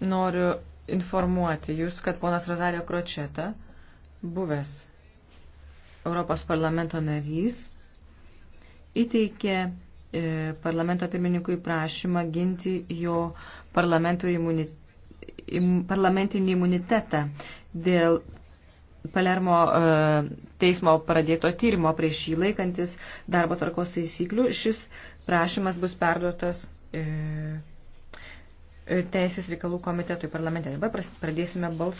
Noriu informuoti Jūs, kad ponas Rozario Kročeta, buvęs Europos parlamento narys, įteikė e, parlamento pirmininkui prašymą ginti jo imunit, im, parlamentinį imunitetą dėl Palermo e, teismo pradėto tyrimo prieš jį laikantis darbo tvarkos taisyklių. Šis prašymas bus perduotas e, Teisės reikalų komitetui parlamente. Dabar pradėsime balsuoti.